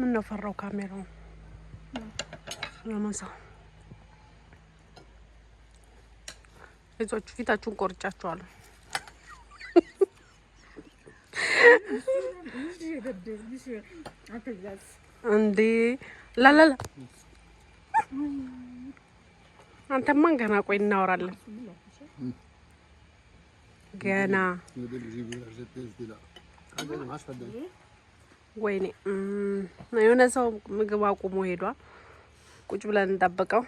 ምን ነው ፈራው ካሜራው ለመንሳ እዞቹ ፊታችሁን ቆርጫችኋለሁ። እንዴ ላላላ አንተማን ገና ቆይ እናወራለን። ገና ወይኔ የሆነ ሰው ምግብ አቁሞ ሄዷል። ቁጭ ብለን እንጠብቀው።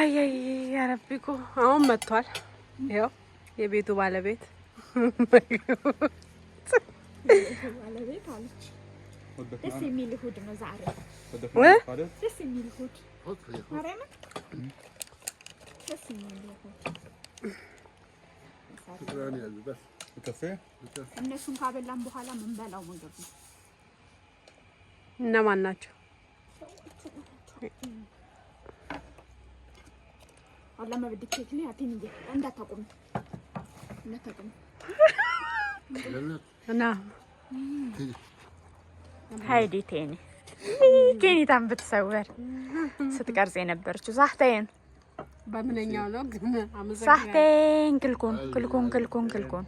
አያይ ያረቢኩ አሁን መጥቷል። ይኸው የቤቱ ባለቤት ደስ የሚል ደስ የሚል እነሱን ካበላን በኋላ ምንበላው ምግብ ነው። እነማን ናቸው? ሀይዲ ቴኒ ቴኒ ታን ብትሰወር ስትቀርጽ የነበረችው ዛህታዬ ነው። በምንኛው ነው ግን አመሰግናለሁ። ሳህቴን ክልኩን ክልኩን ክልኩን ክልኩን